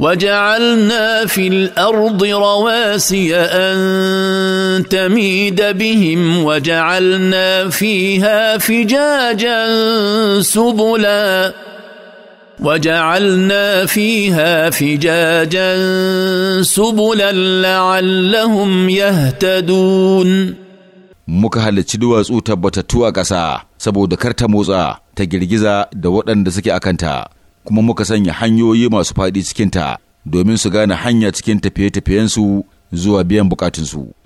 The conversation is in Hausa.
وجعلنا في الارض رواسي ان تميد بهم وجعلنا فيها فجاجا سبلا وجعلنا فيها فجاجا سبلا لعلهم يهتدون muka halicci duwatsu tabbatattu a ƙasa saboda kar ta motsa ta girgiza da waɗanda suke akanta kuma muka sanya hanyoyi masu faɗi cikinta domin su gane hanya cikin tafiye-tafiyensu zuwa biyan bukatunsu.